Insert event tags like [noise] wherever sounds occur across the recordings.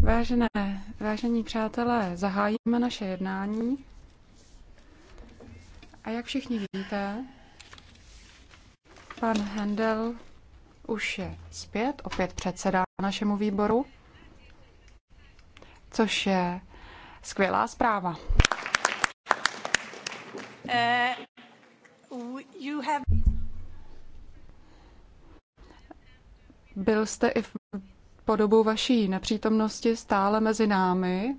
Vážené, vážení přátelé, zahájíme naše jednání. A jak všichni víte, pan Hendel už je zpět, opět předsedá našemu výboru, což je skvělá zpráva. Uh, you have... Byl jste i v po dobu vaší nepřítomnosti stále mezi námi.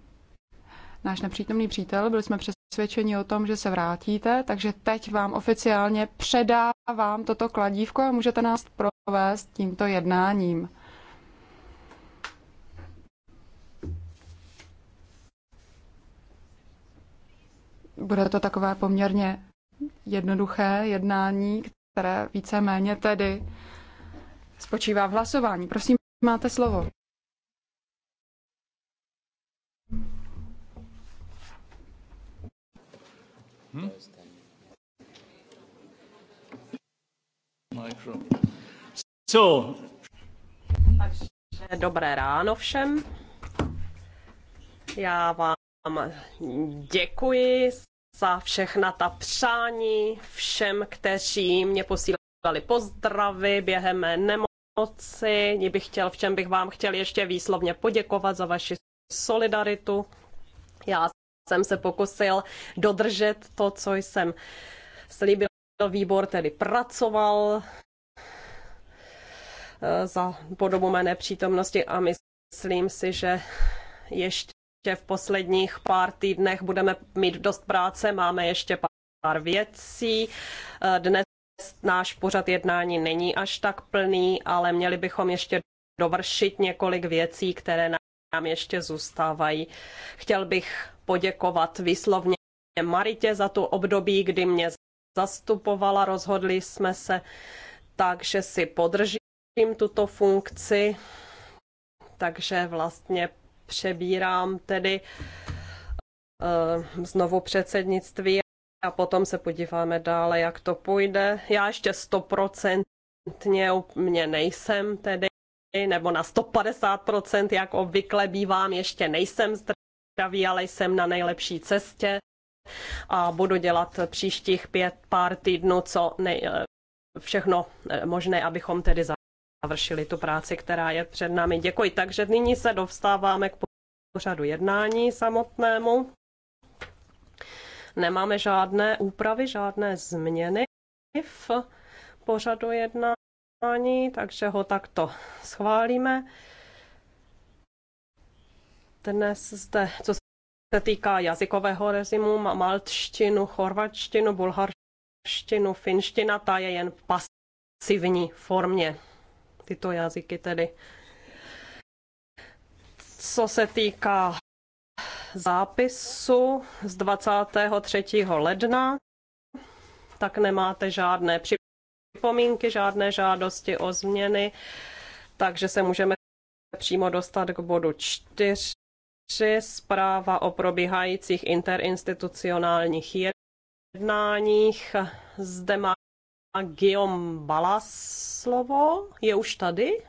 Náš nepřítomný přítel, byli jsme přesvědčeni o tom, že se vrátíte, takže teď vám oficiálně předávám toto kladívko a můžete nás provést tímto jednáním. Bude to takové poměrně jednoduché jednání, které víceméně tedy spočívá v hlasování. Prosím, Máte slovo. Hm? So. Takže dobré ráno všem. Já vám děkuji za všechna ta přání, všem, kteří mě posílali pozdravy během nemo- pomoci. Bych chtěl, v čem bych vám chtěl ještě výslovně poděkovat za vaši solidaritu. Já jsem se pokusil dodržet to, co jsem slíbil. Výbor tedy pracoval eh, za podobu mé nepřítomnosti a myslím si, že ještě v posledních pár týdnech budeme mít dost práce, máme ještě pár věcí. Eh, dnes náš pořad jednání není až tak plný, ale měli bychom ještě dovršit několik věcí, které nám ještě zůstávají. Chtěl bych poděkovat výslovně Maritě za tu období, kdy mě zastupovala, rozhodli jsme se tak, že si podržím tuto funkci, takže vlastně přebírám tedy eh, znovu předsednictví a potom se podíváme dále, jak to půjde. Já ještě stoprocentně mě nejsem tedy, nebo na 150%, jak obvykle bývám, ještě nejsem zdravý, ale jsem na nejlepší cestě a budu dělat příštích pět pár týdnů, co nej, eh, všechno eh, možné, abychom tedy završili tu práci, která je před námi. Děkuji. Takže nyní se dostáváme k pořadu jednání samotnému. Nemáme žádné úpravy, žádné změny v pořadu jednání, takže ho takto schválíme. Dnes zde, co se týká jazykového režimu, maltštinu, chorvačtinu, bulharštinu, finština, ta je jen v pasivní formě. Tyto jazyky tedy. Co se týká zápisu z 23. ledna, tak nemáte žádné připomínky, žádné žádosti o změny, takže se můžeme přímo dostat k bodu 4. Zpráva o probíhajících interinstitucionálních jednáních. Zde má Guillaume Balas slovo. Je už tady?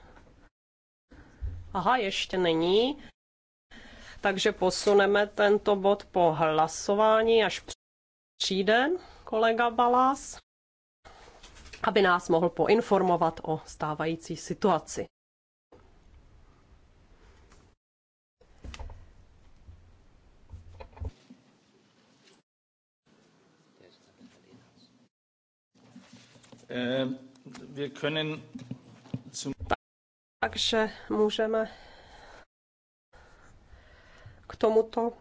Aha, ještě není takže posuneme tento bod po hlasování, až přijde kolega Balás, aby nás mohl poinformovat o stávající situaci. Eh, takže můžeme k tomuto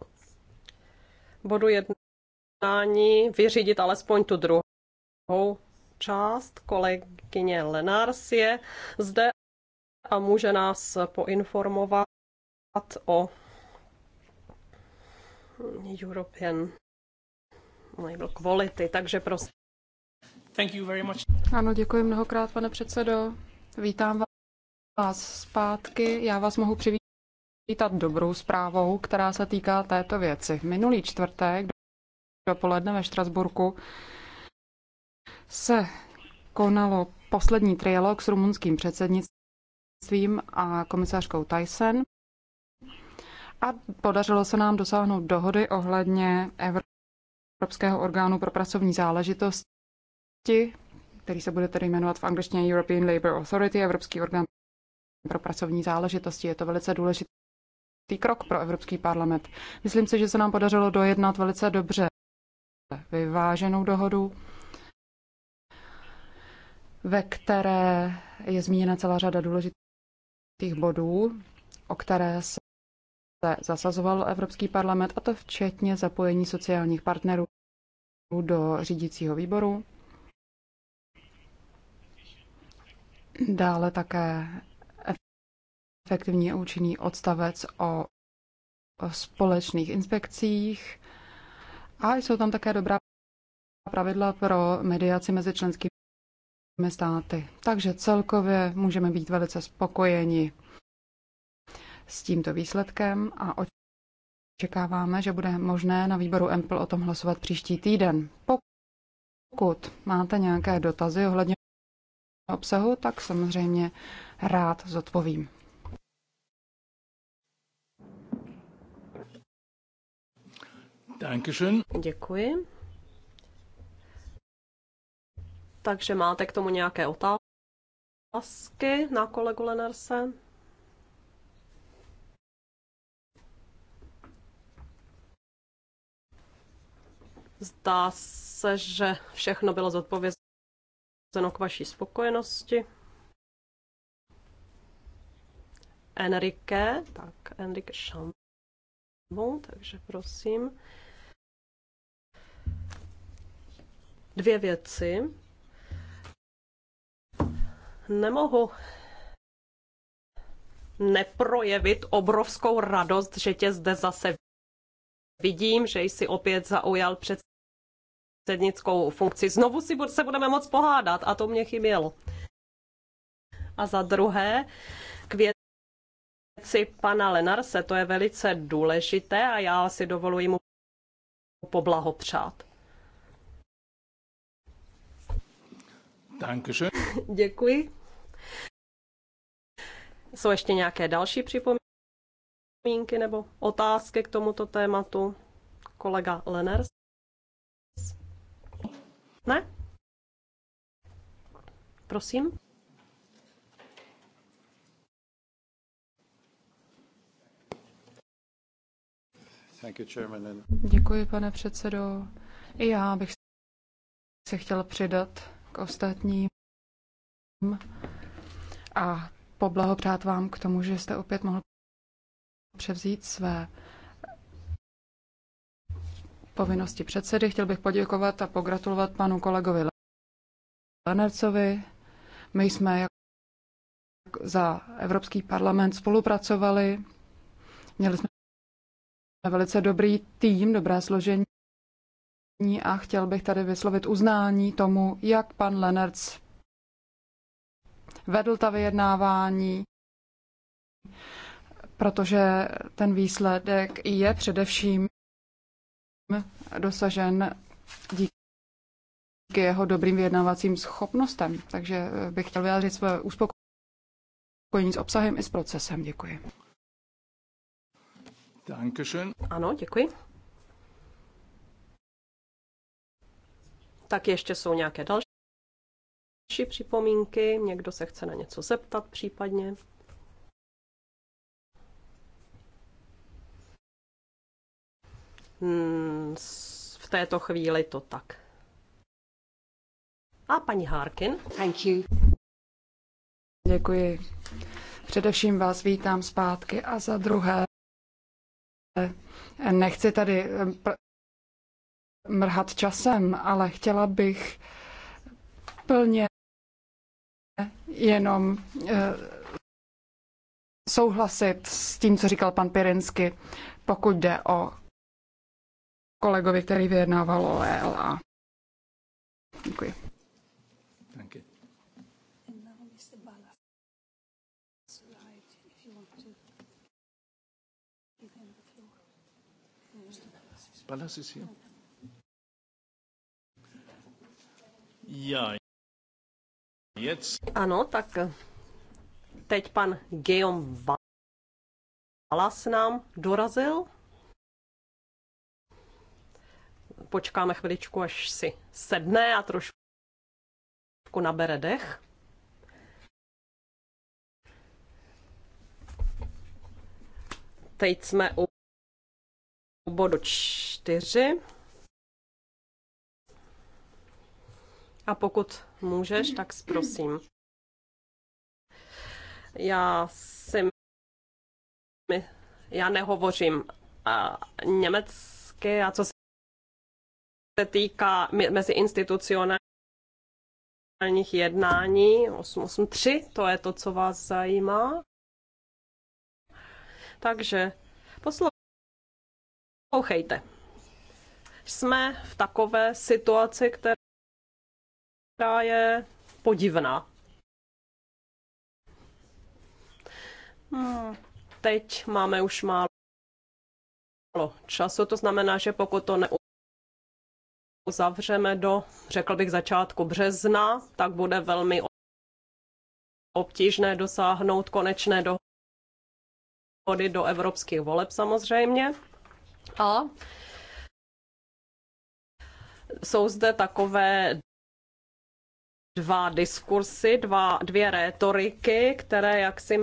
bodu jednání vyřídit alespoň tu druhou část. Kolegyně Lenars je zde a může nás poinformovat o European Label Quality, takže prosím. Thank you very much. Ano, děkuji mnohokrát, pane předsedo. Vítám vás zpátky. Já vás mohu přivítat přivítat dobrou zprávou, která se týká této věci. Minulý čtvrtek dopoledne ve Štrasburku se konalo poslední trialog s rumunským předsednictvím a komisařkou Tyson a podařilo se nám dosáhnout dohody ohledně Evropského orgánu pro pracovní záležitosti, který se bude tedy jmenovat v angličtině European Labour Authority, Evropský orgán pro pracovní záležitosti. Je to velice důležité důležitý krok pro Evropský parlament. Myslím si, že se nám podařilo dojednat velice dobře vyváženou dohodu, ve které je zmíněna celá řada důležitých bodů, o které se zasazoval Evropský parlament, a to včetně zapojení sociálních partnerů do řídícího výboru. Dále také efektivní a účinný odstavec o společných inspekcích a jsou tam také dobrá pravidla pro mediaci mezi členskými státy. Takže celkově můžeme být velice spokojeni s tímto výsledkem a očekáváme, že bude možné na výboru MPL o tom hlasovat příští týden. Pokud máte nějaké dotazy ohledně obsahu, tak samozřejmě rád zodpovím. Dankeschön. Děkuji. Takže máte k tomu nějaké otázky na kolegu Lenarse? Zdá se, že všechno bylo zodpovězeno k vaší spokojenosti. Enrique, tak Enrique Chambon, takže prosím. dvě věci. Nemohu neprojevit obrovskou radost, že tě zde zase vidím, že jsi opět zaujal předsednickou funkci. Znovu si se budeme moc pohádat a to mě chybělo. A za druhé, k věci pana Lenarse, to je velice důležité a já si dovoluji mu poblahopřát. Dankeschön. [laughs] Děkuji. Jsou ještě nějaké další připomínky nebo otázky k tomuto tématu? Kolega Leners? Ne? Prosím. Děkuji, pane předsedo. I já bych se chtěla přidat k ostatním a poblahopřát vám k tomu, že jste opět mohl převzít své povinnosti předsedy. Chtěl bych poděkovat a pogratulovat panu kolegovi Lenercovi. My jsme za Evropský parlament spolupracovali. Měli jsme velice dobrý tým, dobré složení a chtěl bych tady vyslovit uznání tomu, jak pan Lenertz vedl ta vyjednávání, protože ten výsledek je především dosažen díky jeho dobrým vyjednávacím schopnostem. Takže eh, bych chtěl vyjádřit své uspokojení s obsahem i s procesem. Děkuji. Dankeschön. Ano, děkuji. tak ještě jsou nějaké další připomínky, někdo se chce na něco zeptat případně. Hmm, v této chvíli to tak. A paní Harkin. Thank you. Děkuji. Především vás vítám zpátky a za druhé nechci tady mrhat časem, ale chtěla bych plně jenom eh, souhlasit s tím, co říkal pan Pirinsky, pokud jde o kolegovi, který vyjednával o ELA. Děkuji. Děkuji. Balas is here. Já. Ano, tak teď pan Geom Valas nám dorazil. Počkáme chviličku, až si sedne a trošku nabere dech. Teď jsme u bodu čtyři. A pokud můžeš, tak prosím. Já si... Já nehovořím a německy a co se týká mezi institucionálních jednání 883, to je to, co vás zajímá. Takže poslouchejte. Jsme v takové situaci, která která je podivná. Hmm. Teď máme už málo času, to znamená, že pokud to neuzavřeme do, řekl bych, začátku března, tak bude velmi obtížné dosáhnout konečné dohody do evropských voleb samozřejmě. A jsou zde takové dva diskursy, dva, dvě rétoriky, které jaksi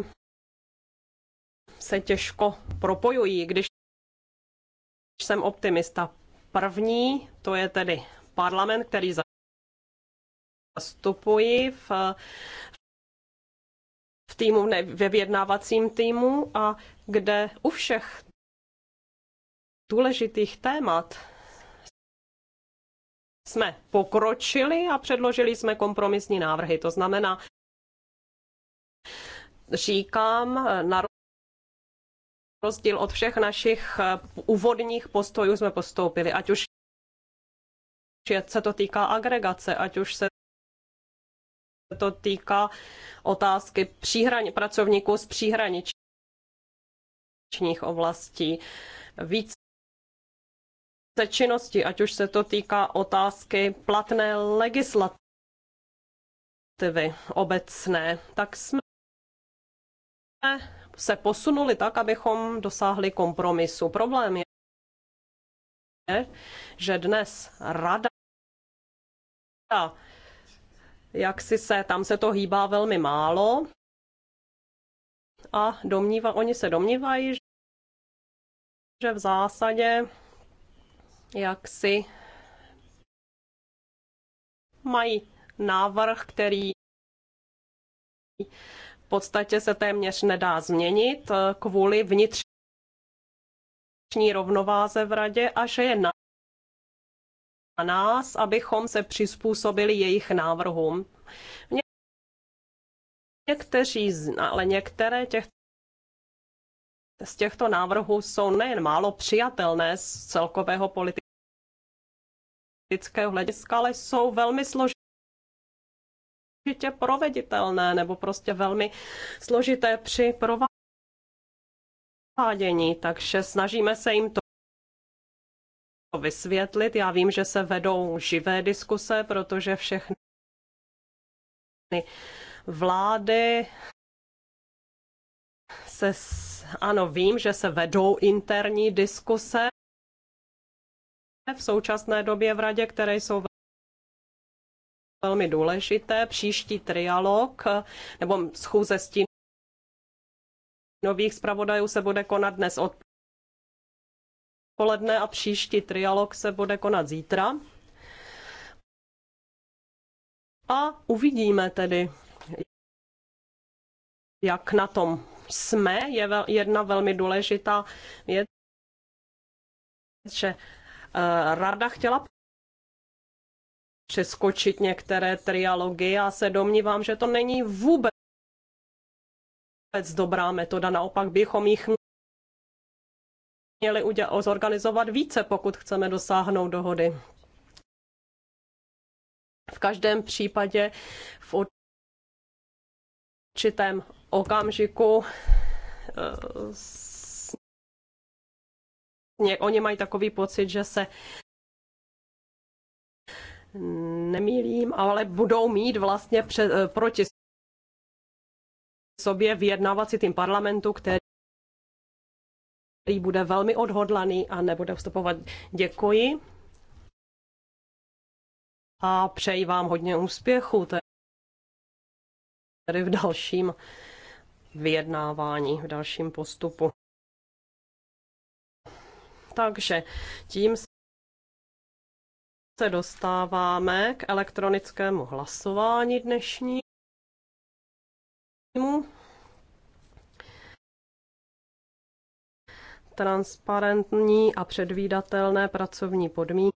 se těžko propojují, když jsem optimista. První, to je tedy parlament, který zastupuji v, v týmu, ne, ve vyjednávacím týmu a kde u všech důležitých témat jsme pokročili a předložili jsme kompromisní návrhy. To znamená, říkám, na rozdíl od všech našich úvodních postojů jsme postoupili, ať už se to týká agregace, ať už se to týká otázky příhraň, pracovníků z příhraničních oblastí. Více se činnosti, ať už se to týká otázky platné legislativy obecné, tak jsme se posunuli tak, abychom dosáhli kompromisu. Problém je, že dnes rada jak si se, tam se to hýbá velmi málo a domníva, oni se domnívají, že v zásadě jak si mají návrh, který v podstatě se téměř nedá změnit kvůli vnitřní rovnováze v radě a že je na nás, abychom se přizpůsobili jejich návrhům. Někteří, ale některé těch z těchto návrhů jsou nejen málo přijatelné z celkového politického hlediska, ale jsou velmi složité složitě proveditelné nebo prostě velmi složité při provádění, takže snažíme se jim to vysvětlit. Já vím, že se vedou živé diskuse, protože všechny vlády se ano, vím, že se vedou interní diskuse v současné době v radě, které jsou velmi důležité. Příští trialog nebo schůze nových zpravodajů se bude konat dnes odpoledne a příští trialog se bude konat zítra. A uvidíme tedy, jak na tom jsme, je jedna velmi důležitá věc, že eh, rada chtěla přeskočit některé trialogy. a se domnívám, že to není vůbec dobrá metoda. Naopak bychom jich měli zorganizovat více, pokud chceme dosáhnout dohody. V každém případě v určitém okamžiku eh, oni mají takový pocit, že se nemýlím, ale budou mít vlastně před, eh, proti sobě vyjednávací tým parlamentu, který který bude velmi odhodlaný a nebude vstupovat. Děkuji a přeji vám hodně úspěchu tady v dalším vyjednávání v dalším postupu. Takže tím se dostáváme k elektronickému hlasování dnešnímu. Transparentní a předvídatelné pracovní podmínky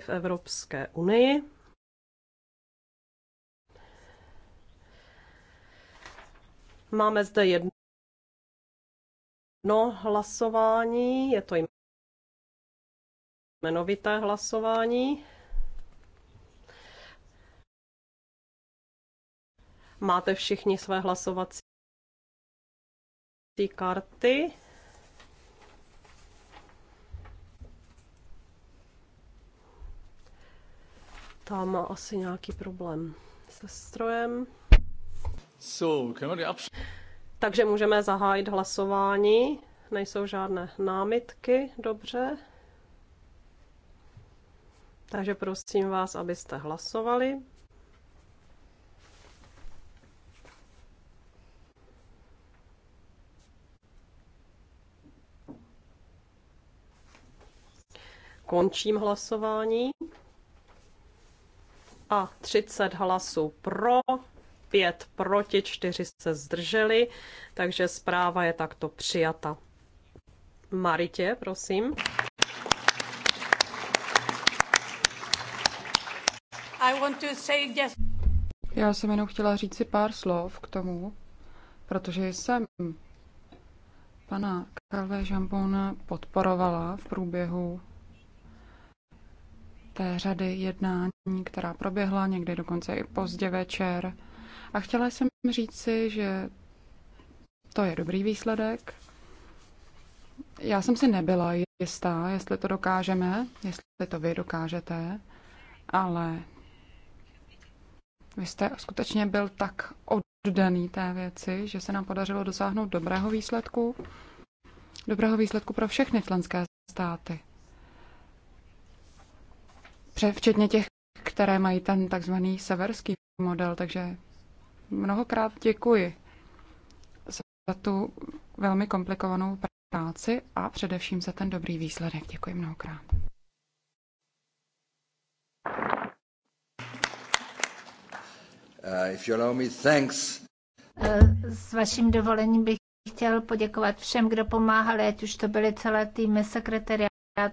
v Evropské unii. Máme zde jedno hlasování, je to jmenovité hlasování. Máte všichni své hlasovací karty. Tam má asi nějaký problém se strojem. Takže můžeme zahájit hlasování. Nejsou žádné námitky, dobře. Takže prosím vás, abyste hlasovali. Končím hlasování. A 30 hlasů pro, 5 proti, 4 se zdrželi, takže zpráva je takto přijata. Maritě, prosím. I want to say yes. Já jsem jenom chtěla říct si pár slov k tomu, protože jsem pana Karle Žambona podporovala v průběhu té řady jednání, která proběhla někdy dokonce i pozdě večer. A chtěla jsem říct si, že to je dobrý výsledek. Já jsem si nebyla jistá, jestli to dokážeme, jestli to vy dokážete, ale vy jste skutečně byl tak oddaný té věci, že se nám podařilo dosáhnout dobrého výsledku, dobrého výsledku pro všechny členské státy. Včetně těch, které mají ten takzvaný severský model, takže mnohokrát děkuji za tu velmi komplikovanou práci a především za ten dobrý výsledek. Děkuji mnohokrát. Uh, if you allow me, thanks. Uh, s vaším dovolením bych chtěl poděkovat všem, kdo pomáhali, ať už to byly celé týmy sekretariát,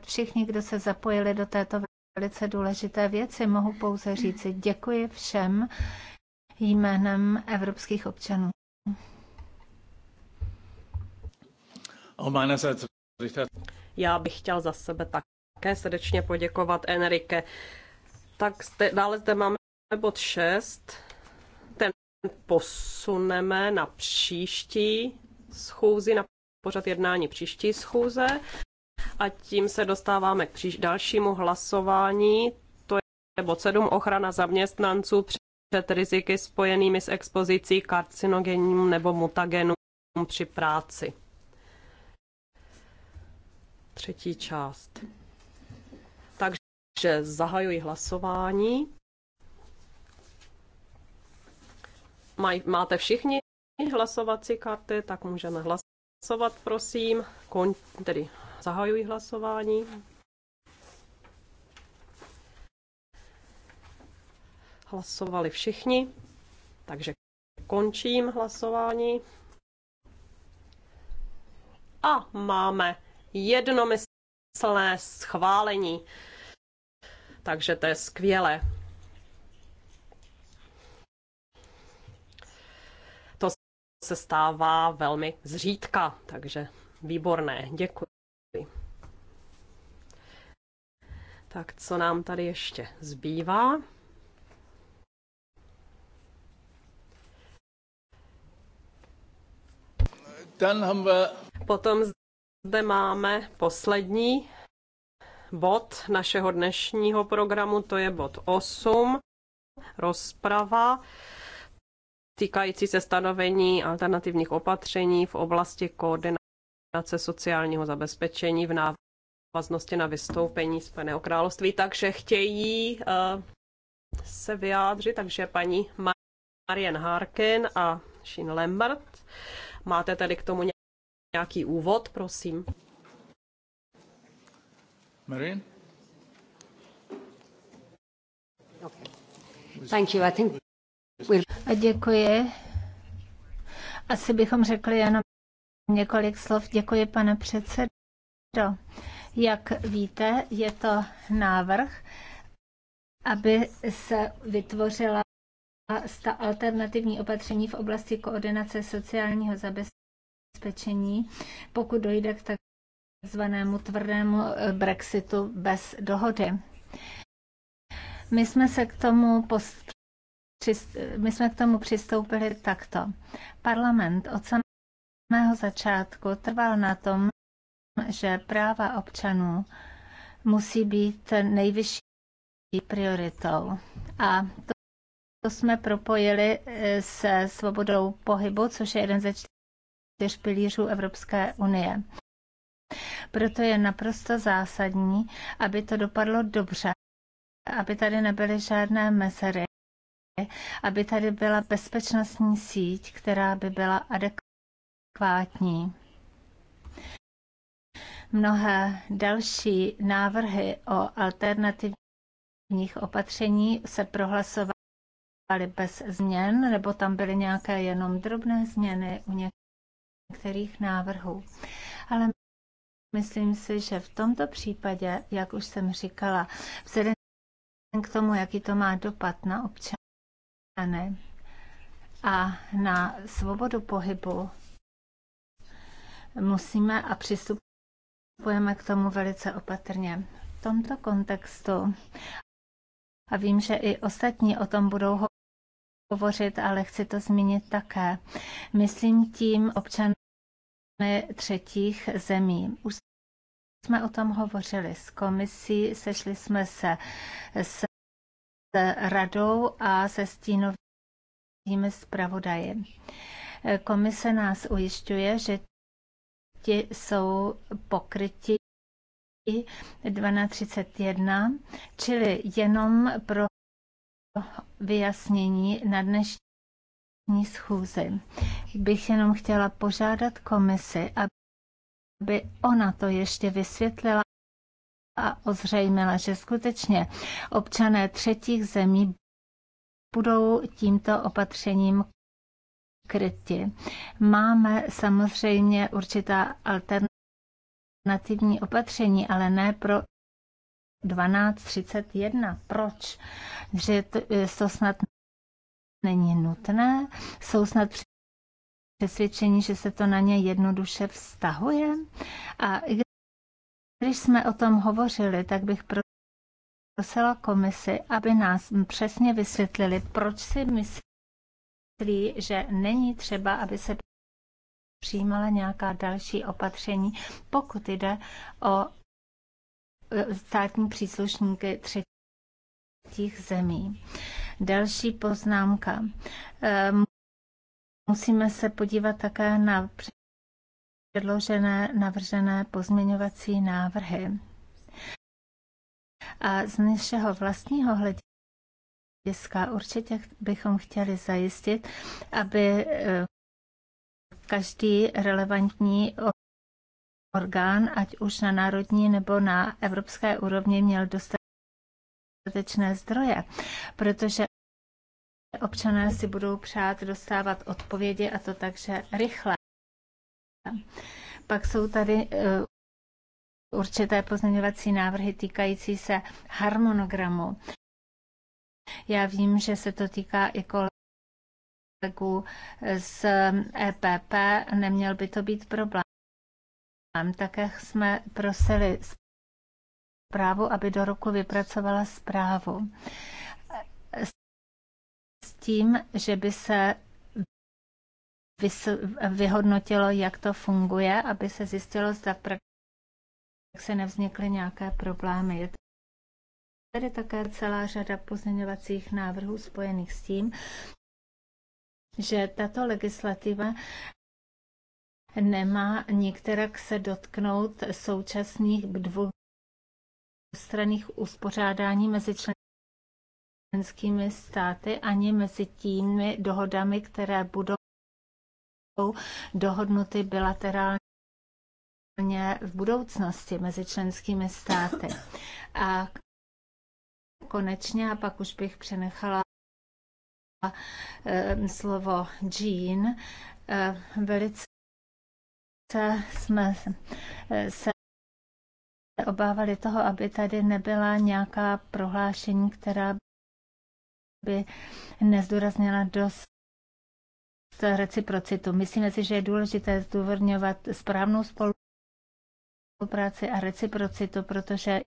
všichni, kdo se zapojili do této velice důležité věci. Mohu pouze říci děkuji všem, jménem evropských občanů. Já bych chtěl za sebe také srdečně poděkovat Enrique. Tak zde, dále zde máme bod 6. Ten posuneme na příští schůzi, na pořad jednání příští schůze. A tím se dostáváme k dalšímu hlasování. To je bod 7, ochrana zaměstnanců před riziky spojenými s expozicí karcinogenům nebo mutagenům při práci. Třetí část. Takže zahajuji hlasování. Maj, máte všichni hlasovací karty, tak můžeme hlasovat, prosím. Kon, tedy zahajuji hlasování. Hlasovali všichni, takže končím hlasování. A máme jednomyslné schválení. Takže to je skvělé. To se stává velmi zřídka, takže výborné, děkuji. Tak co nám tady ještě zbývá? Potom zde máme poslední bod našeho dnešního programu, to je bod 8, rozprava týkající se stanovení alternativních opatření v oblasti koordinace sociálního zabezpečení v návaznosti na vystoupení z Spojeného království. Takže chtějí uh, se vyjádřit, takže paní Marian Harkin a Shin Lambert Máte tedy k tomu nějaký úvod, prosím? Marin? Okay. Thank you. I think we'll... A děkuji. Asi bychom řekli jenom několik slov. Děkuji, pane předsedo. Jak víte, je to návrh, aby se vytvořila a alternativní opatření v oblasti koordinace sociálního zabezpečení, pokud dojde k takzvanému tvrdému eh, Brexitu bez dohody. My jsme se k tomu post... my jsme k tomu přistoupili takto. Parlament od samého začátku trval na tom, že práva občanů musí být nejvyšší prioritou. A to to jsme propojili e, se svobodou pohybu, což je jeden ze čtyř pilířů Evropské unie. Proto je naprosto zásadní, aby to dopadlo dobře, aby tady nebyly žádné mezery, aby tady byla bezpečnostní síť, která by byla adekvátní. Mnohé další návrhy o alternativních opatření se prohlasovaly zůstaly bez změn, nebo tam byly nějaké jenom drobné změny u některých návrhů. Ale myslím si, že v tomto případě, jak už jsem říkala, vzhledem k tomu, jaký to má dopad na občany a na svobodu pohybu, musíme a přistupujeme k tomu velice opatrně. V tomto kontextu, a vím, že i ostatní o tom budou hovořit, ale chci to zmínit také. Myslím tím občany třetích zemí. Už jsme o tom hovořili s komisí, sešli jsme se s radou a se stínovými zpravodaji. Komise nás ujišťuje, že ti jsou pokryti 1231, čili jenom pro vyjasnění na dnešní schůzi. Bych jenom chtěla požádat komisi, aby ona to ještě vysvětlila a ozřejmila, že skutečně občané třetích zemí budou tímto opatřením kryti. Máme samozřejmě určitá alternativní opatření, ale ne pro 12.31. Proč? Že to, to e, snad není nutné? Jsou snad přesvědčení, že se to na ně jednoduše vztahuje? A když jsme o tom hovořili, tak bych prosila komisi, aby nás přesně vysvětlili, proč si myslí, že není třeba, aby se přijímala nějaká další opatření, pokud jde o státní příslušníky třetích zemí. Další poznámka. Ehm, musíme se podívat také na předložené, navržené pozměňovací návrhy. A z našeho vlastního hlediska určitě bychom chtěli zajistit, aby ehm, každý relevantní orgán, ať už na národní nebo na evropské úrovni, měl dostatečné zdroje, protože občané si budou přát dostávat odpovědi a to takže rychle. Pak jsou tady eh, určité pozměňovací návrhy týkající se harmonogramu. Já vím, že se to týká i kolegů z EPP, neměl by to být problém. Také jsme prosili zprávu, aby do roku vypracovala zprávu s tím, že by se vyhodnotilo, jak to funguje, aby se zjistilo, zda v praxi nevznikly nějaké problémy. Je tady také celá řada pozměňovacích návrhů spojených s tím, že tato legislativa nemá nikterak se dotknout současných dvou straných uspořádání mezi členskými státy ani mezi těmi dohodami, které budou dohodnuty bilaterálně v budoucnosti mezi členskými státy. A konečně, a pak už bych přenechala eh, slovo Jean, eh, velice jsme se obávali toho, aby tady nebyla nějaká prohlášení, která by nezdůraznila dost reciprocitu. Myslíme si, že je důležité zdůvodňovat správnou spolupráci a reciprocitu, protože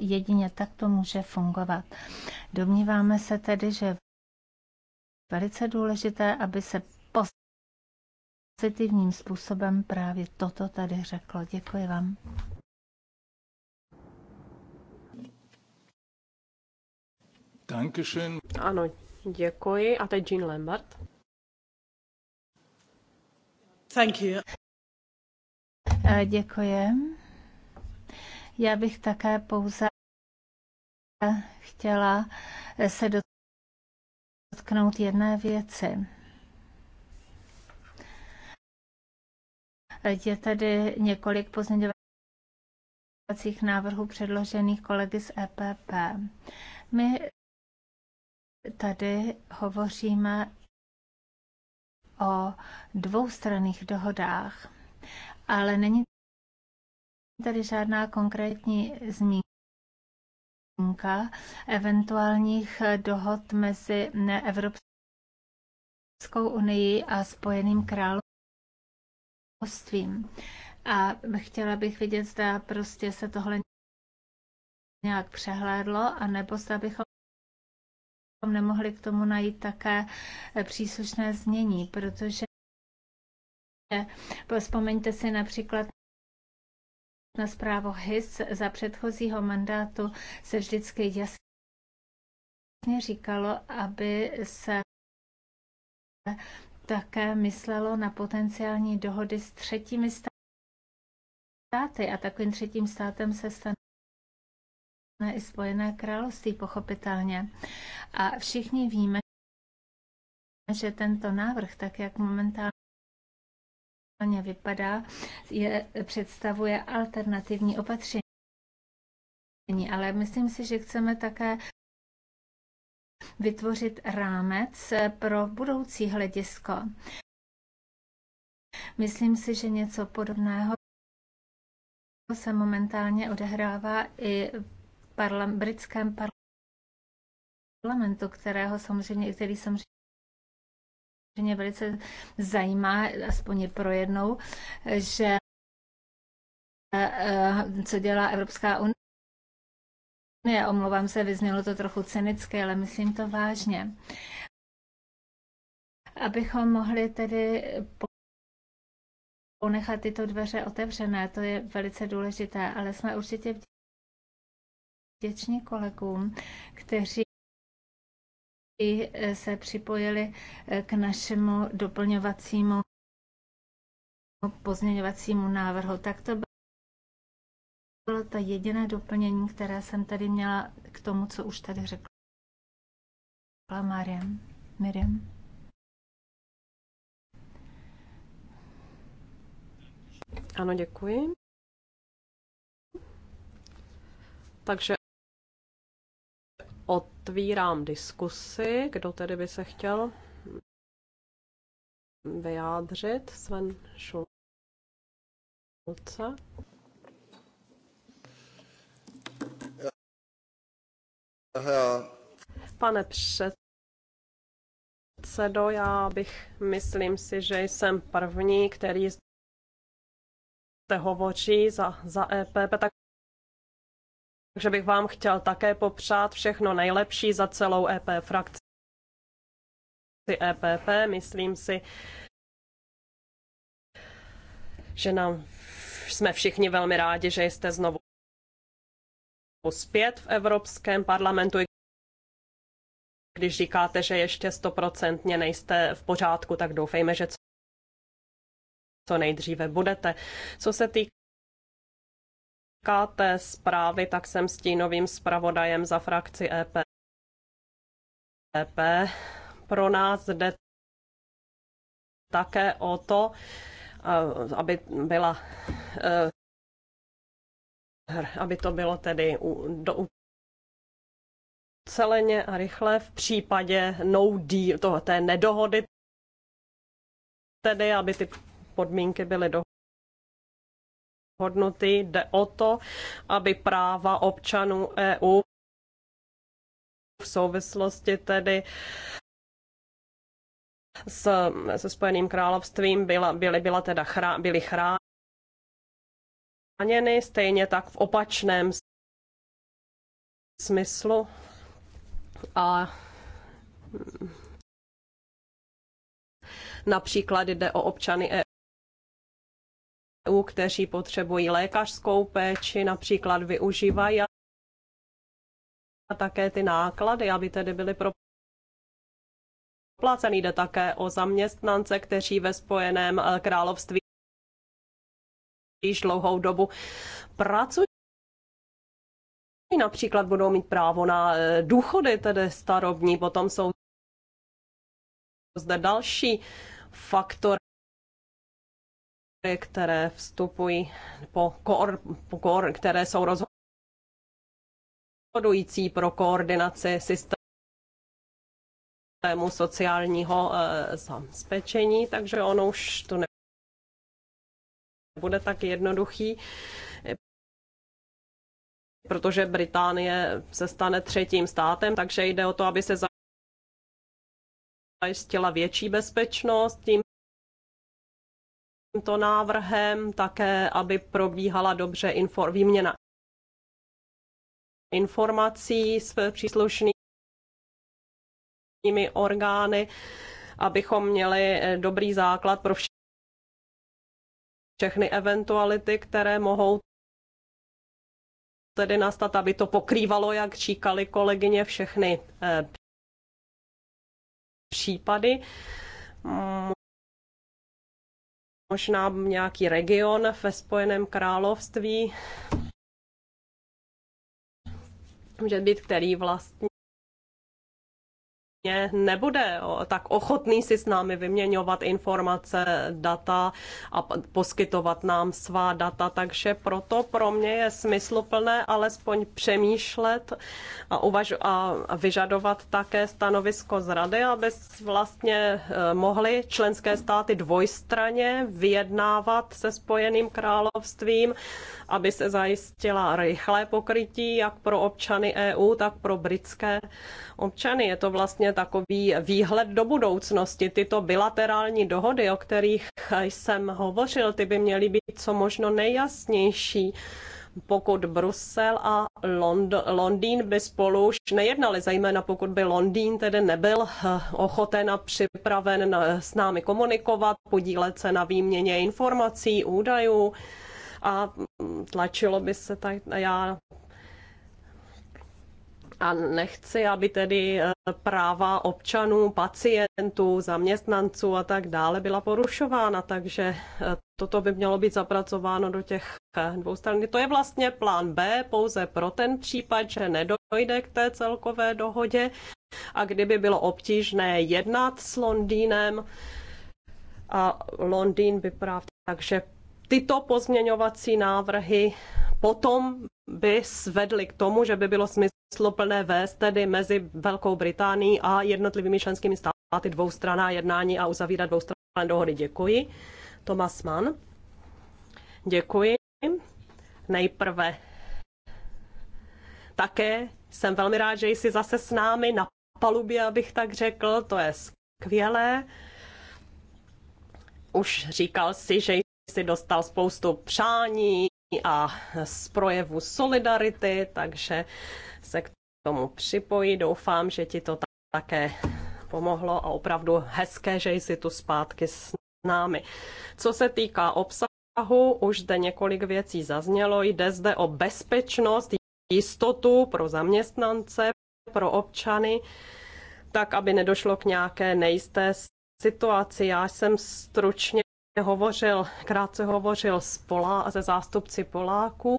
jedině tak to může fungovat. Domníváme se tedy, že je velice důležité, aby se pozitivním způsobem právě toto tady řeklo. Děkuji vám. Dankeschön. Ano, děkuji. A teď Jean Lambert. Thank you. Děkuji. Já bych také pouze chtěla se dotknout jedné věci. Je tady několik pozměňovacích návrhů předložených kolegy z EPP. My tady hovoříme o dvoustranných dohodách, ale není tady žádná konkrétní zmínka eventuálních dohod mezi Evropskou unii a Spojeným královstvím ostvím. A chtěla bych vidět, zda prostě se tohle nějak přehlédlo, anebo zda bychom nemohli k tomu najít také eh, příslušné změní, protože eh, vzpomeňte si například na zprávu HIS za předchozího mandátu se vždycky jasně říkalo, aby se také myslelo na potenciální dohody s třetími státy a takovým třetím státem se stane i Spojené království, pochopitelně. A všichni víme, že tento návrh, tak jak momentálně vypadá, je, představuje alternativní opatření. Ale myslím si, že chceme také vytvořit rámec eh, pro budoucí hledisko. Myslím si, že něco podobného se momentálně odehrává i v parla- britském parlamentu, kterého samozřejmě, který samozřejmě mě velice zajímá, aspoň pro jednou, že eh, eh, co dělá Evropská unie unie. Omlouvám se, vyznělo to trochu cynické, ale myslím to vážně. Abychom mohli tedy ponechat tyto dveře otevřené, to je velice důležité, ale jsme určitě vděční kolegům, kteří se připojili k našemu doplňovacímu pozměňovacímu návrhu. Tak to bylo to jediné doplnění, které jsem tady měla k tomu, co už tady řekla Mariam. Miriam. Ano, děkuji. Takže otvírám diskusy, kdo tedy by se chtěl vyjádřit. Sven Šulce. Pane předsedo, já bych, myslím si, že jsem první, který zde hovoří za, za EPP, tak takže bych vám chtěl také popřát všechno nejlepší za celou EP frakci. EPP, myslím si, že nám jsme všichni velmi rádi, že jste znovu zpět v Evropském parlamentu, když říkáte, že ještě stoprocentně nejste v pořádku, tak doufejme, že co nejdříve budete. Co se týká té zprávy, tak jsem s stínovým zpravodajem za frakci EP. EP. Pro nás jde také o to, eh, aby byla eh, aby to bylo tedy u, do, celeně a rychle v případě no deal, toho, té nedohody, tedy aby ty podmínky byly do hodnoty. Jde o to, aby práva občanů EU v souvislosti tedy s, se Spojeným královstvím byla, byly, byla teda chrá, byly chráněny chráněny, stejně tak v opačném smyslu. A mm, například jde o občany EU, kteří potřebují lékařskou péči, například využívají a také ty náklady, aby tedy byly pro Placený jde také o zaměstnance, kteří ve Spojeném e, království již dlouhou dobu pracují. Například budou mít právo na e, důchody, tedy starobní, potom jsou zde další faktory, které vstupují po, koor, po koor, které jsou rozhodující pro koordinaci systému sociálního e, zabezpečení, takže ono už to ne bude tak jednoduchý, protože Británie se stane třetím státem, takže jde o to, aby se zajistila větší bezpečnost tím, tímto návrhem, také aby probíhala dobře infor, výměna informací s příslušnými orgány, abychom měli eh, dobrý základ pro všechny všechny eventuality, které mohou tedy nastat, aby to pokrývalo, jak říkali kolegyně, všechny eh, případy. Možná nějaký region ve Spojeném království může být, který vlastně nebude tak ochotný si s námi vyměňovat informace, data a poskytovat nám svá data, takže proto pro mě je smysluplné alespoň přemýšlet a, uvaž- a vyžadovat také stanovisko z rady, aby vlastně eh, mohly členské státy dvojstraně vyjednávat se Spojeným královstvím, aby se zajistila rychlé pokrytí jak pro občany EU, tak pro britské občany. Je to vlastně vlastně takový výhled do budoucnosti. Tyto bilaterální dohody, o kterých jsem hovořil, ty by měly být co možno nejjasnější pokud Brusel a Lond- Londýn by spolu už nejednali, zejména pokud by Londýn tedy nebyl eh, ochoten a připraven s námi komunikovat, podílet se na výměně informací, údajů a mm, tlačilo by se tak, já a nechci, aby tedy eh, práva občanů, pacientů, zaměstnanců a tak dále byla porušována, takže eh, toto by mělo být zapracováno do těch eh, dvou stran. To je vlastně plán B pouze pro ten případ, že nedojde k té celkové dohodě a kdyby bylo obtížné jednat s Londýnem a Londýn by právě takže tyto pozměňovací návrhy potom by svedly k tomu, že by bylo smysluplné vést tedy mezi Velkou Británií a jednotlivými členskými státy dvoustraná jednání a uzavírat dvoustranné dohody. Děkuji. Tomas Mann. Děkuji. Nejprve také jsem velmi rád, že jsi zase s námi na palubě, abych tak řekl. To je skvělé. Už říkal si, že si dostal spoustu přání a z projevu solidarity, takže se k tomu připojí. Doufám, že ti to také pomohlo a opravdu hezké, že jsi tu zpátky s námi. Co se týká obsahu, už zde několik věcí zaznělo. Jde zde o bezpečnost, jistotu pro zaměstnance, pro občany, tak aby nedošlo k nějaké nejisté situaci. Já jsem stručně hovořil, krátce hovořil s Polá, se zástupci Poláků.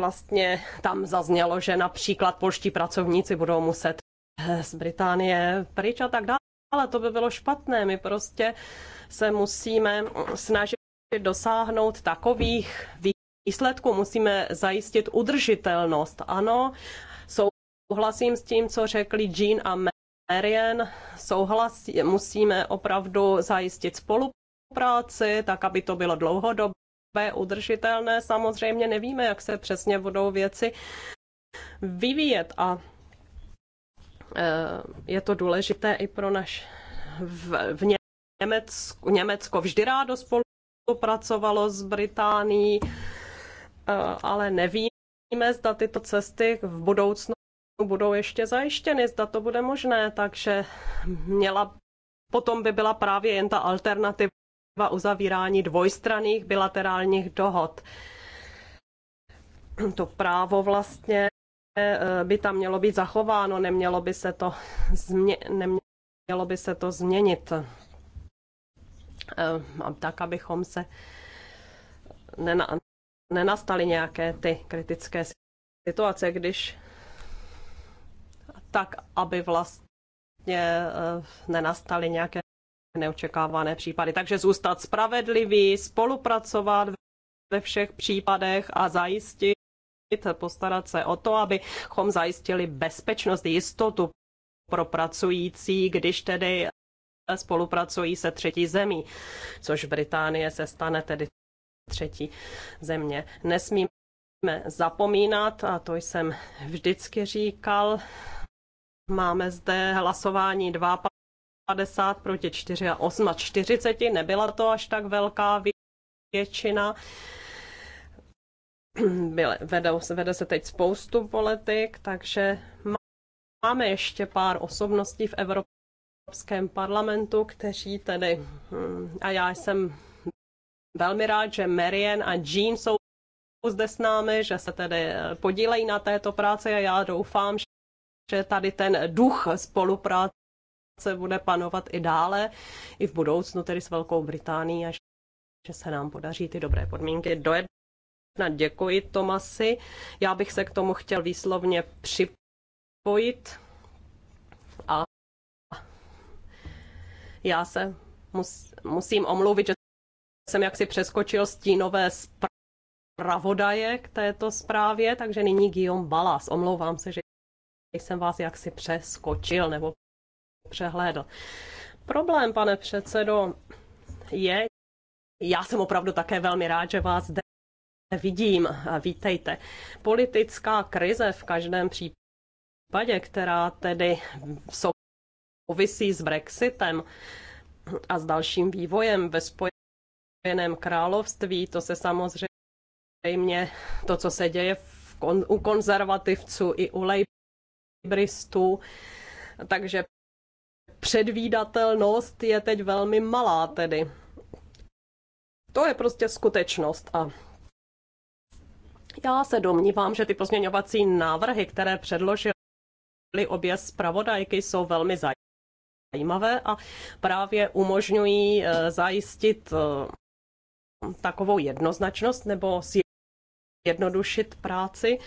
Vlastně tam zaznělo, že například polští pracovníci budou muset eh, z Británie pryč a tak dále, ale to by bylo špatné. My prostě se musíme snažit dosáhnout takových výsledků, musíme zajistit udržitelnost. Ano, souhlasím s tím, co řekli Jean a Marian, souhlasí, musíme opravdu zajistit spolupráci, tak aby to bylo dlouhodobé, udržitelné. Samozřejmě nevíme, jak se přesně budou věci vyvíjet a e, je to důležité i pro naš v, v Německu, Německo vždy rádo spolupracovalo s Británií, e, ale nevíme, zda tyto cesty v budoucnu budou ještě zajištěny, zda to bude možné, takže měla, potom by byla právě jen ta alternativa uzavírání dvojstranných bilaterálních dohod. To právo vlastně eh, by tam mělo být zachováno, nemělo by se to, změ, nemělo by se to změnit. Eh, tak, abychom se nenastali nějaké ty kritické situace, když tak aby vlastně eh, nenastaly nějaké neočekávané případy. Takže zůstat spravedlivý, spolupracovat ve všech případech a zajistit, postarat se o to, abychom zajistili bezpečnost, jistotu pro pracující, když tedy spolupracují se třetí zemí, což Británie se stane tedy třetí země. Nesmíme zapomínat, a to jsem vždycky říkal, Máme zde hlasování 250 proti 4 a 8 a 40. Nebyla to až tak velká většina. Byle, vedou, vede se teď spoustu politik, takže máme ještě pár osobností v Evropském parlamentu, kteří tedy, hm, a já jsem velmi rád, že Marian a Jean jsou zde s námi, že se tedy podílejí na této práci a já doufám, že že tady ten duch spolupráce bude panovat i dále, i v budoucnu, tedy s Velkou Británií, a že se nám podaří ty dobré podmínky dojednat. Děkuji, Tomasi. Já bych se k tomu chtěl výslovně připojit. A já se mus, musím omluvit, že jsem jaksi přeskočil stínové zpravodaje k této zprávě, takže nyní Guillaume Balas. Omlouvám se, že jsem vás jaksi přeskočil nebo přehlédl. Problém, pane předsedo, je, já jsem opravdu také velmi rád, že vás zde vidím a vítejte. Politická krize v každém případě, která tedy souvisí s Brexitem a s dalším vývojem ve Spojeném království, to se samozřejmě, to, co se děje v, u konzervativců i u lejpů, equilibristů, takže předvídatelnost je teď velmi malá tedy. To je prostě skutečnost a já se domnívám, že ty pozměňovací návrhy, které předložili obě zpravodajky, jsou velmi zajímavé a právě umožňují eh, zajistit eh, takovou jednoznačnost nebo jednodušit práci.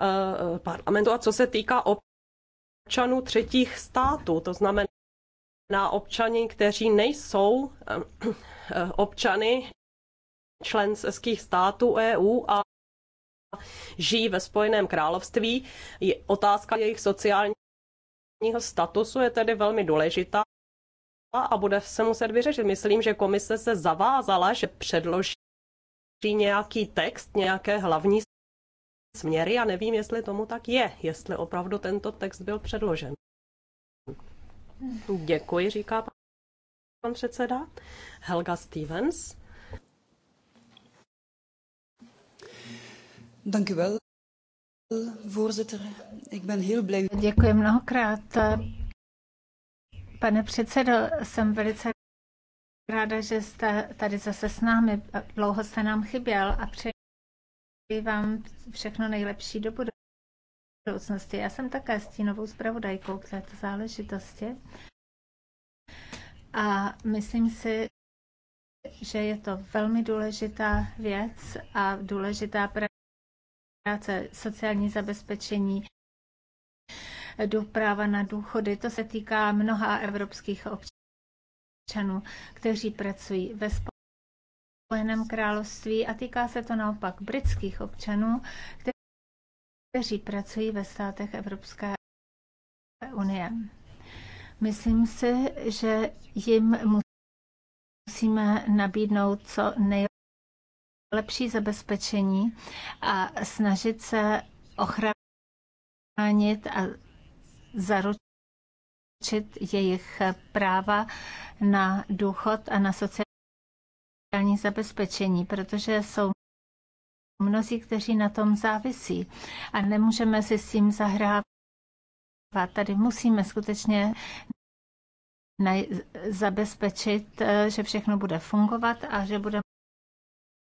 Eh, parlamentu a co se týká občanů třetích států, to znamená na občany, kteří nejsou eh, občany členských států EU a žijí ve Spojeném království. Otázka jejich sociálního statusu je tedy velmi důležitá a bude se muset vyřešit. Myslím, že komise se zavázala, že předloží nějaký text, nějaké hlavní směry a nevím, jestli tomu tak je, jestli opravdu tento text byl předložen. Děkuji, říká pan předseda. Helga Stevens. Děkuji mnohokrát. Pane předsedo, jsem velice ráda, že jste tady zase s námi. Dlouho jste nám chyběl a při Přeji vám všechno nejlepší do budoucnosti. Já jsem také stínovou zpravodajkou k této záležitosti a myslím si, že je to velmi důležitá věc a důležitá práce sociální zabezpečení doprava na důchody. To se týká mnoha evropských občanů, kteří pracují ve společnosti Spojeném království a týká se to naopak britských občanů, kteří pracují ve státech Evropské unie. Myslím si, že jim musíme nabídnout co nejlepší zabezpečení a snažit se ochránit a zaručit jejich práva na důchod a na sociální sociální zabezpečení, protože jsou mnozí, kteří na tom závisí a nemůžeme si s tím zahrávat. Tady musíme skutečně zabezpečit, eh, že všechno bude fungovat a že bude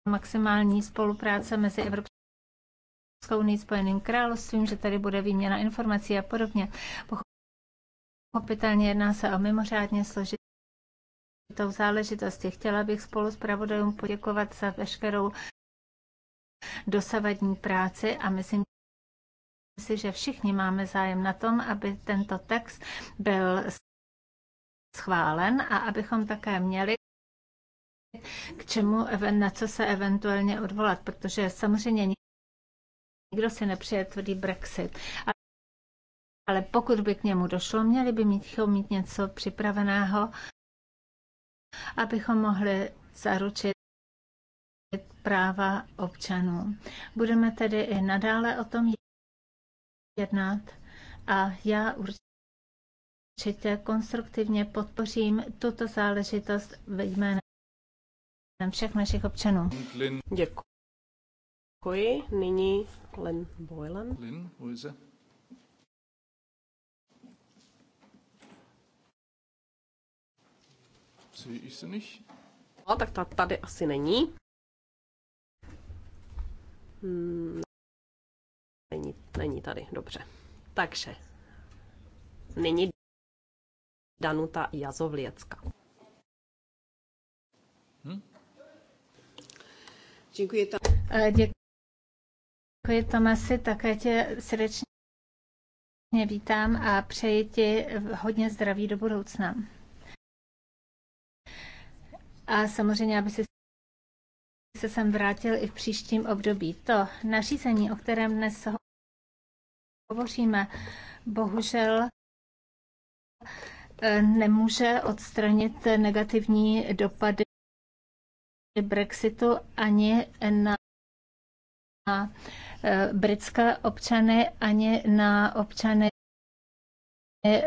maximální spolupráce mezi Evropskou unii, Spojeným královstvím, že tady bude výměna informací a podobně. Pochopitelně jedná se o mimořádně složitý tou záležitosti. Chtěla bych spolu s pravodajům poděkovat za veškerou dosavadní práci a myslím, si, že všichni máme zájem na tom, aby tento text byl schválen a abychom také měli k čemu, na co se eventuálně odvolat, protože samozřejmě nikdo si nepřeje tvrdý Brexit. Ale pokud by k němu došlo, měli by mít, mít něco připraveného abychom mohli zaručit práva občanů. Budeme tedy i nadále o tom jednat a já určitě konstruktivně podpořím tuto záležitost ve jménem všech našich občanů. Děkuji. Nyní Len Boylan. Lynn, who is it? Sehe se sie No, tak ta tady asi není. Hmm, není, není tady, dobře. Takže není Danuta Jazovliecka. Hm? Děkuji, tam. Eh, děkuji, Tomasi, také tě srdečně vítám a přeji ti hodně zdraví do budoucna a samozřejmě, aby si se sem vrátil i v příštím období. To nařízení, o kterém dnes hovoříme, bohužel e, nemůže odstranit negativní dopady Brexitu ani na e, britské občany, ani na občany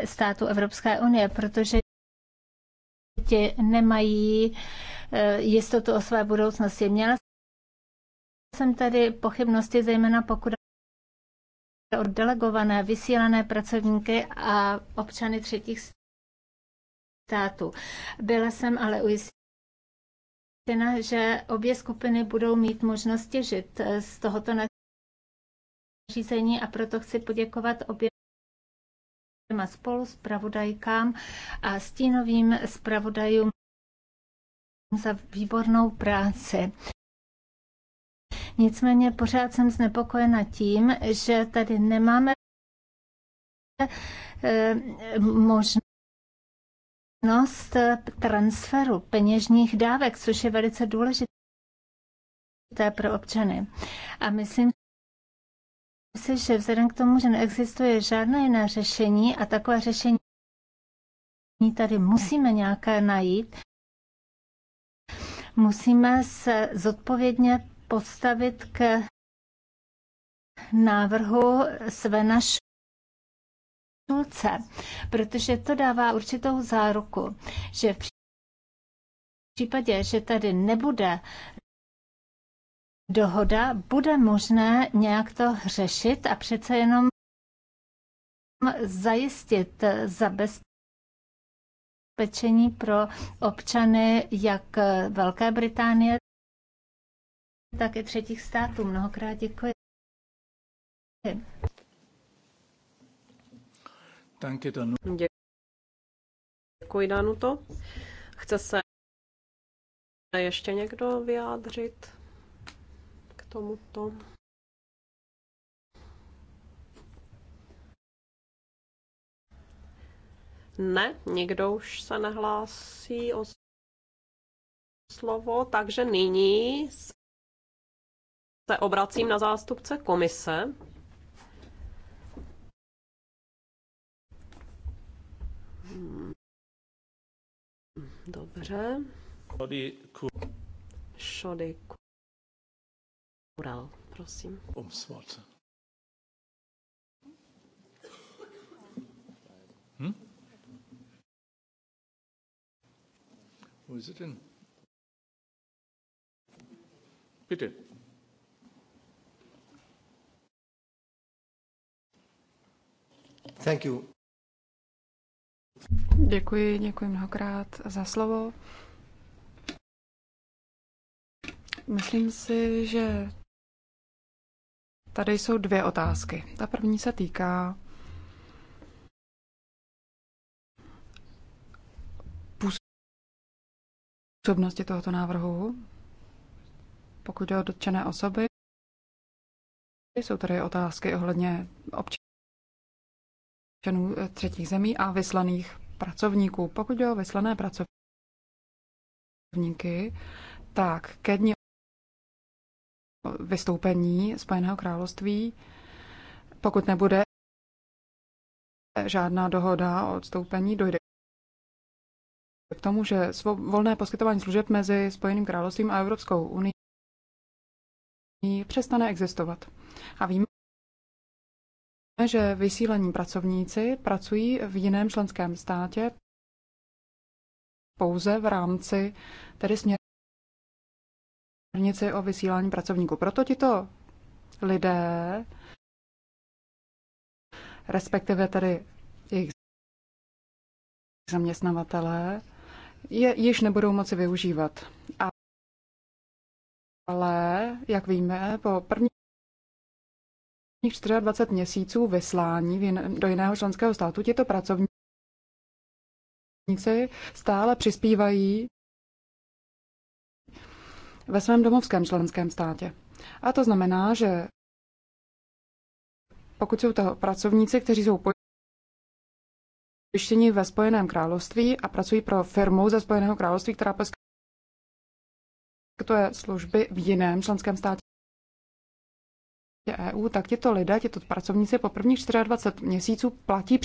státu Evropské unie, protože děti nemají eh, jistotu o své budoucnosti. Měla jsem tady pochybnosti, zejména pokud od delegované, vysílané pracovníky a občany třetích států. Byla jsem ale ujistěna, že obě skupiny budou mít možnost těžit eh, z tohoto nařízení a proto chci poděkovat obě dvěma spolu zpravodajkám a stínovým zpravodajům za výbornou práci. Nicméně pořád jsem znepokojena tím, že tady nemáme eh, možnost transferu peněžních dávek, což je velice důležité pro občany. A myslím si, že vzhledem k tomu, že neexistuje žádné jiné řešení a takové řešení tady musíme nějaké najít, musíme se zodpovědně postavit k návrhu své Šulce, protože to dává určitou záruku, že v případě, že tady nebude dohoda, bude možné nějak to řešit a přece jenom zajistit zabezpečení pro občany jak Velké Británie, tak i třetích států. Mnohokrát děkuji. Děkuji, Danuto. Chce se ještě někdo vyjádřit? tomuto. Ne, někdo už se nehlásí o slovo, takže nyní se obracím na zástupce komise. Dobře. Šody Ural, prosím. Hm? Wo ist er denn? Bitte. Thank you. Děkuji, děkuji mnohokrát za slovo. Myslím si, že Tady jsou dvě otázky. Ta první se týká působnosti tohoto návrhu. Pokud jde o dotčené osoby, jsou tady otázky ohledně občanů eh, třetích zemí a vyslaných pracovníků. Pokud jde o vyslané pracovníky, tak ke dní vystoupení Spojeného království, pokud nebude žádná dohoda o odstoupení, dojde k tomu, že volné poskytování služeb mezi Spojeným královstvím a Evropskou unii přestane existovat. A víme, že vysílení pracovníci pracují v jiném členském státě pouze v rámci tedy směr směrnici o vysílání pracovníků. Proto tito lidé, respektive tedy jejich zaměstnavatelé, je již nebudou moci využívat. A ale, jak víme, po prvních 24 měsíců vyslání do jiného členského státu tito pracovníci stále přispívají ve svém domovském členském státě. A to znamená, že pokud jsou to pracovníci, kteří jsou pojištěni ve Spojeném království a pracují pro firmu ze Spojeného království, která poskytuje služby v jiném členském státě EU, tak tito lidé, tito pracovníci po prvních 24 měsíců platí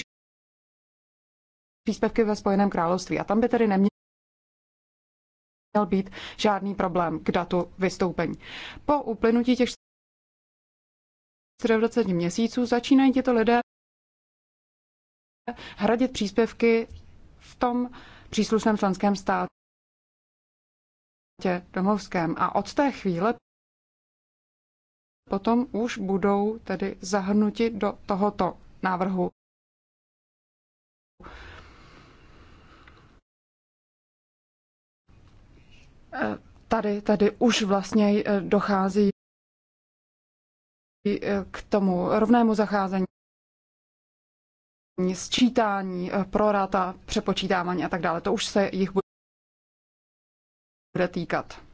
příspěvky ve Spojeném království. A tam by tedy neměli neměl být žádný problém k datu vystoupení. Po uplynutí těch 24 měsíců začínají tito lidé hradit příspěvky v tom příslušném členském státě domovském. A od té chvíle potom už budou tedy zahrnuti do tohoto návrhu tady, tady už vlastně eh, dochází eh, k tomu rovnému zacházení sčítání, eh, prorata, přepočítávání a tak dále. To už se jich bude týkat.